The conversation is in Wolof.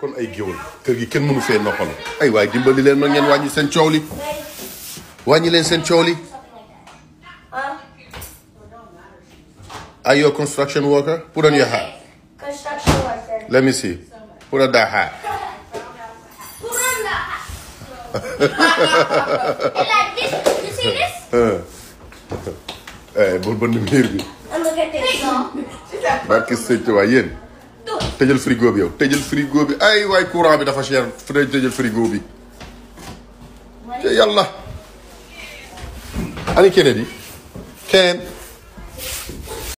kon ay géwal kër gi kenn mënu fee noppalu ay waay dimbali leen nag ngeen wàññi seen coow li wàññi leen seen coow li Are you a construction worker? Put on your hat. Construction worker. Let me see. Put on that hat. Put on that hat. Eh, bi. And look at this. yéen. تجل فريغو بي او تجل فريغو بي اي واي كوران بي دا فا فري تجل فريغو بي تي يلا اني كينيدي كين